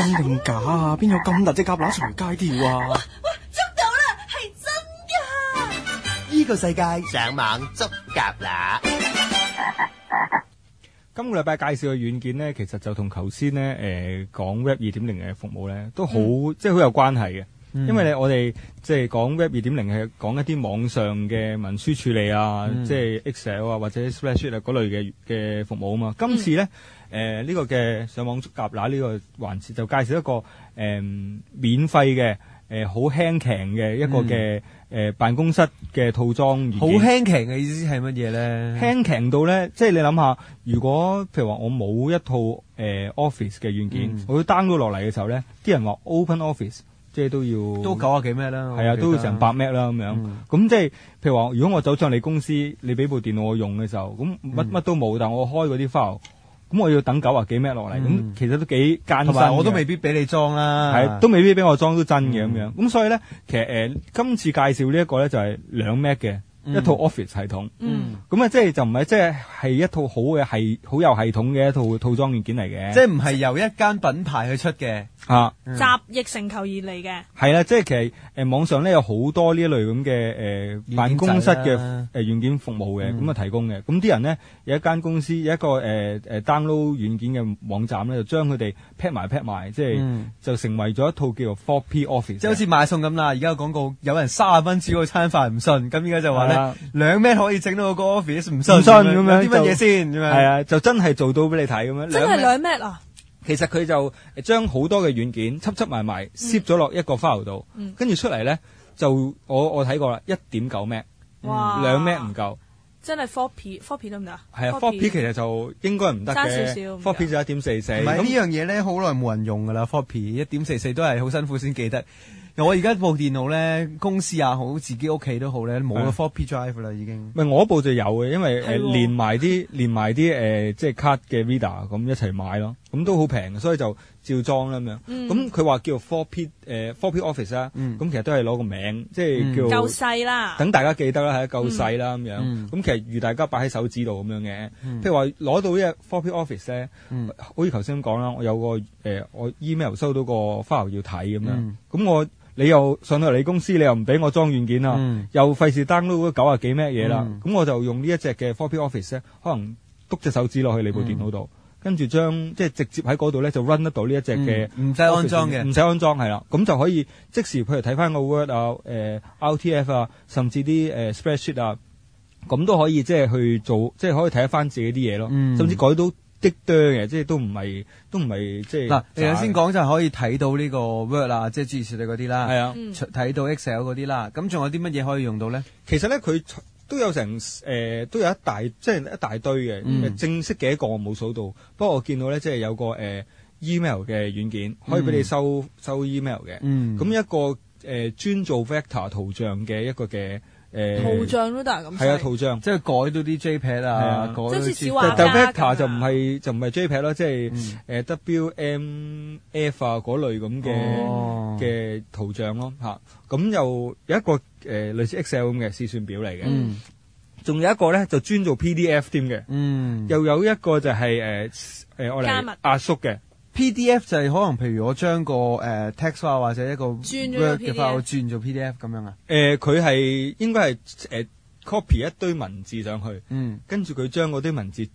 真定假這啊？邊有咁大隻蛤乸隨街跳啊？喂，捉到啦，係真噶！呢個世界上網捉蛤乸。 今個禮拜介紹嘅軟件咧，其實就同頭先咧，誒、呃，講 Web 二點零嘅服務咧，都好，嗯、即係好有關係嘅。因為咧，我哋即係講 Web 二點零係講一啲網上嘅文書處理啊，即係 Excel 啊，或者 Spreadsheet 嗰類嘅嘅服務啊嘛。今次咧，誒呢個嘅上網捉蛤乸呢個環節就介紹一個誒免費嘅誒好輕強嘅一個嘅誒辦公室嘅套裝軟件。好輕強嘅意思係乜嘢咧？輕強到咧，即係你諗下，如果譬如話我冇一套誒 Office 嘅軟件，我要 download 落嚟嘅時候咧，啲人話 Open Office。即係都要都九十幾咩啦，係係啊，都要成百 m 啦咁、嗯、樣。咁即係譬如話，如果我走上你公司，你俾部電腦我用嘅時候，咁乜乜都冇，但我開嗰啲 file，咁我要等九十幾 m 落嚟，咁、嗯、其實都幾艱辛。同埋我都未必俾你裝啦，係都未必俾我裝都真嘅咁、嗯、樣。咁所以咧，其實誒、呃，今次介紹呢一個咧就係兩 m 嘅。一套 office 系統，嗯，咁啊，即係就唔係即係係一套好嘅，係好有系統嘅一套套裝軟件嚟嘅，即係唔係由一間品牌去出嘅啊，集腋成裘而嚟嘅，係啦，即係其實誒網上咧有好多呢一類咁嘅誒辦公室嘅誒軟件服務嘅，咁啊提供嘅，咁啲人咧有一間公司有一個誒誒 download 軟件嘅網站咧，就將佢哋 pack 埋 pack 埋，即係就成為咗一套叫做 Floppy Office，即係好似買餸咁啦，而家廣告有人卅蚊紙個餐飯唔信，咁依家就話。兩 M 可以整到個 Office，唔信唔信咁樣，有啲乜嘢先咁樣？係啊，就真係做到俾你睇咁樣。真係兩 M 啊！其實佢就將好多嘅軟件插插埋埋，攝咗落一個 file 度，跟住出嚟咧，就我我睇過啦，一點九 M 哇，兩 M 唔夠，真係 Four P Four P 得唔得啊？係啊，Four P 其實就應該唔得嘅，少少 Four P 就一點四四。咁呢樣嘢咧，好耐冇人用噶啦，Four P 一點四四都係好辛苦先記得。我而家部電腦咧，公司啊好，自己屋企都好咧，冇咗 Floppy Drive 啦，已經。唔係我部就有嘅，因為誒連埋啲連埋啲誒即係卡嘅 reader 咁一齊買咯，咁都好平，所以就照裝啦咁樣。咁佢話叫做 Floppy 誒 Office 啊，咁其實都係攞個名，即係叫夠細啦。等大家記得啦，係啊夠細啦咁樣。咁其實如大家擺喺手指度咁樣嘅，譬如話攞到呢個 Floppy Office 咧，好似頭先咁講啦，我有個誒我 email 收到個 file 要睇咁樣。咁我你又上到嚟你公司，你又唔俾我裝軟件啦，嗯、又費事 download 九啊幾咩嘢啦。咁、嗯、我就用呢一隻嘅 Floppy Office 咧，可能篤隻手指落去你部電腦度，跟住、嗯、將即係直接喺嗰度咧就 run 得到呢一隻嘅、嗯。唔使安裝嘅，唔使安裝係啦，咁就可以即時譬如睇翻個 Word 啊、呃、RTF 啊，甚至啲、呃、Spreadsheet 啊，咁都可以即係去做，即係可以睇翻自己啲嘢咯，嗯、甚至改到。即嘅，即係都唔係，都唔係即係。嗱、啊，你頭先講就係可以睇到呢個 Word 啦，即係專業設計嗰啲啦。啊、嗯，睇到 Excel 嗰啲啦。咁仲有啲乜嘢可以用到咧？其實咧，佢都有成誒、呃，都有一大即係一大堆嘅。嗯、正式嘅一個我冇數到，不過我見到咧，即係有個、呃、email 嘅軟件，可以俾你收、嗯、收 email 嘅。咁、嗯、一個誒、呃、專做 vector 圖像嘅一個嘅。圖像咯，得咁，係啊，圖像即係改到啲 JPEG 啊，即係小畫。但 Vector 就唔係就唔係 JPEG 咯，即係誒 WMF 啊嗰類咁嘅嘅圖像咯嚇。咁又有一個誒類似 Excel 咁嘅試算表嚟嘅，仲有一個咧就專做 PDF 添嘅，又有一個就係誒誒我哋阿叔嘅。PDF 就係可能，譬如我將個誒、呃、text file 或者一個 word file 我轉做 PDF 咁樣啊？誒、呃，佢係應該係誒、呃、copy 一堆文字上去，嗯，跟住佢將嗰堆文字誒、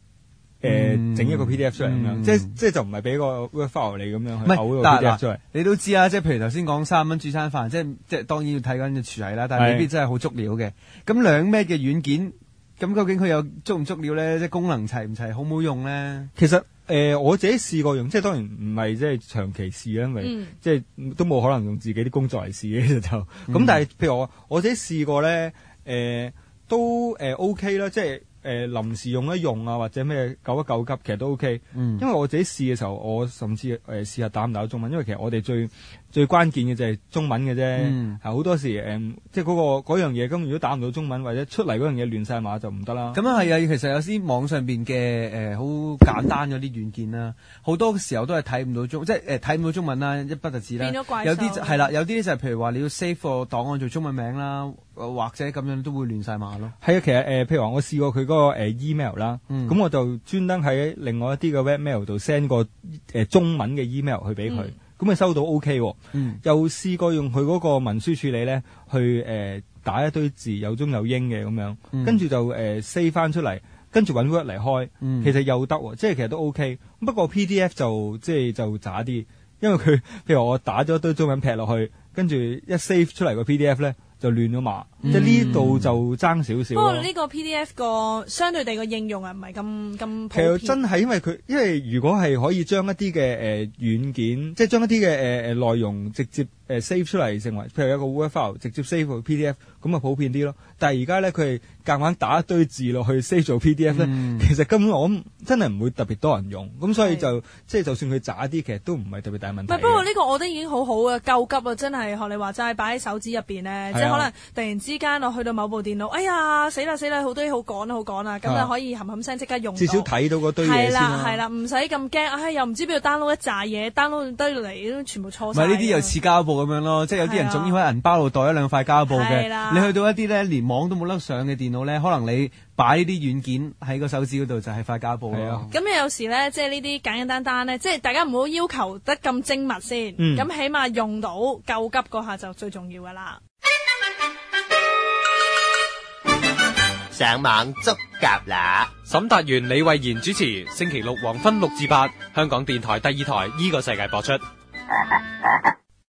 呃嗯、整一個 PDF 出嚟咁樣，嗯、即即就唔係俾個 word file 你咁樣。去，唔係，個但啦你都知啊，即係譬如頭先講三蚊煮餐飯，即係即係當然要睇緊嘅廚藝啦，但係未必真係好足料嘅。咁兩咩嘅軟件，咁究竟佢有足唔足料咧？即係功能齊唔齊，好唔好用咧？其實。誒、呃、我自己試過用，即係當然唔係即係長期試，因為即係都冇可能用自己啲工作嚟試嘅就咁。但係譬如我我自己試過咧，誒、呃、都 OK 啦、呃，即係臨時用一用啊，或者咩救一救急，其實都 OK。嗯、因為我自己試嘅時候，我甚至誒試下打唔打中文，因為其實我哋最。最關鍵嘅就係中文嘅啫，好、嗯、多時誒，即係嗰個嗰樣嘢。咁如果打唔到中文，或者出嚟嗰樣嘢亂晒碼，就唔得啦。咁樣係啊，其實有啲網上邊嘅誒、好、呃、簡單嗰啲軟件啦，好多時候都係睇唔到中，即係誒睇唔到中文啦，一不特止啦，有啲係啦，有啲就係譬如話你要 save 個檔案做中文名啦，或者咁樣都會亂晒碼咯。係啊，其實誒、呃，譬如話我試過佢嗰、嗰個誒、呃、email 啦，咁、嗯、我就專登喺另外一啲嘅 webmail 度 send 個誒、呃、中文嘅 email 去俾佢。嗯咁咪收到 O K 喎，嗯、又試過用佢嗰個文書處理咧，去誒、呃、打一堆字有中有英嘅咁樣，嗯、跟住就誒、呃、save 翻出嚟，跟住揾 word 嚟開，嗯、其實又得、哦，即係其實都 O K。不過 PDF 就即係就渣啲，因為佢譬如我打咗一堆中文劈落去，跟住一 save 出嚟個 PDF 咧。就亂咗嘛，嗯、即係呢度就爭少少。不過呢個 PDF 個相對地個應用啊，唔係咁咁普遍。其實真係因為佢，因為如果係可以將一啲嘅誒軟件，即係將一啲嘅誒誒內容直接。誒、呃、save 出嚟成為譬如一個 word file 直接 save 做 PDF 咁啊普遍啲咯，但係而家咧佢係夾硬打一堆字落去 save 做 PDF 咧、嗯，其實根本我真係唔會特別多人用，咁所以就是即係就算佢渣啲，其實都唔係特別大問題不。不過呢個我都已經好好嘅，夠急啊！急真係學你話齋，擺喺手指入邊咧，啊、即係可能突然之間我去到某部電腦，哎呀死啦死啦，好多啲好趕啦好趕啦，咁就可以冚冚聲即刻用。至、啊、少睇到嗰堆嘢先、啊。係啦係啦，唔使咁驚，唉、哎、又唔知邊度 download 一揸嘢，download 堆嚟全部錯曬。呢啲又似膠煲。咁樣咯，即係有啲人總要喺銀包度袋一兩塊膠布嘅。啊、你去到一啲咧連網都冇得上嘅電腦咧，可能你擺啲軟件喺個手指嗰度就係塊膠布咯。咁、啊、有時咧，即係呢啲簡簡單單咧，即係大家唔好要，要求得咁精密先。咁、嗯、起碼用到救急嗰下就最重要噶啦。上網捉蛤啦！沈達元李慧賢主持，星期六黃昏六至八，香港電台第二台呢、呢個世界播出。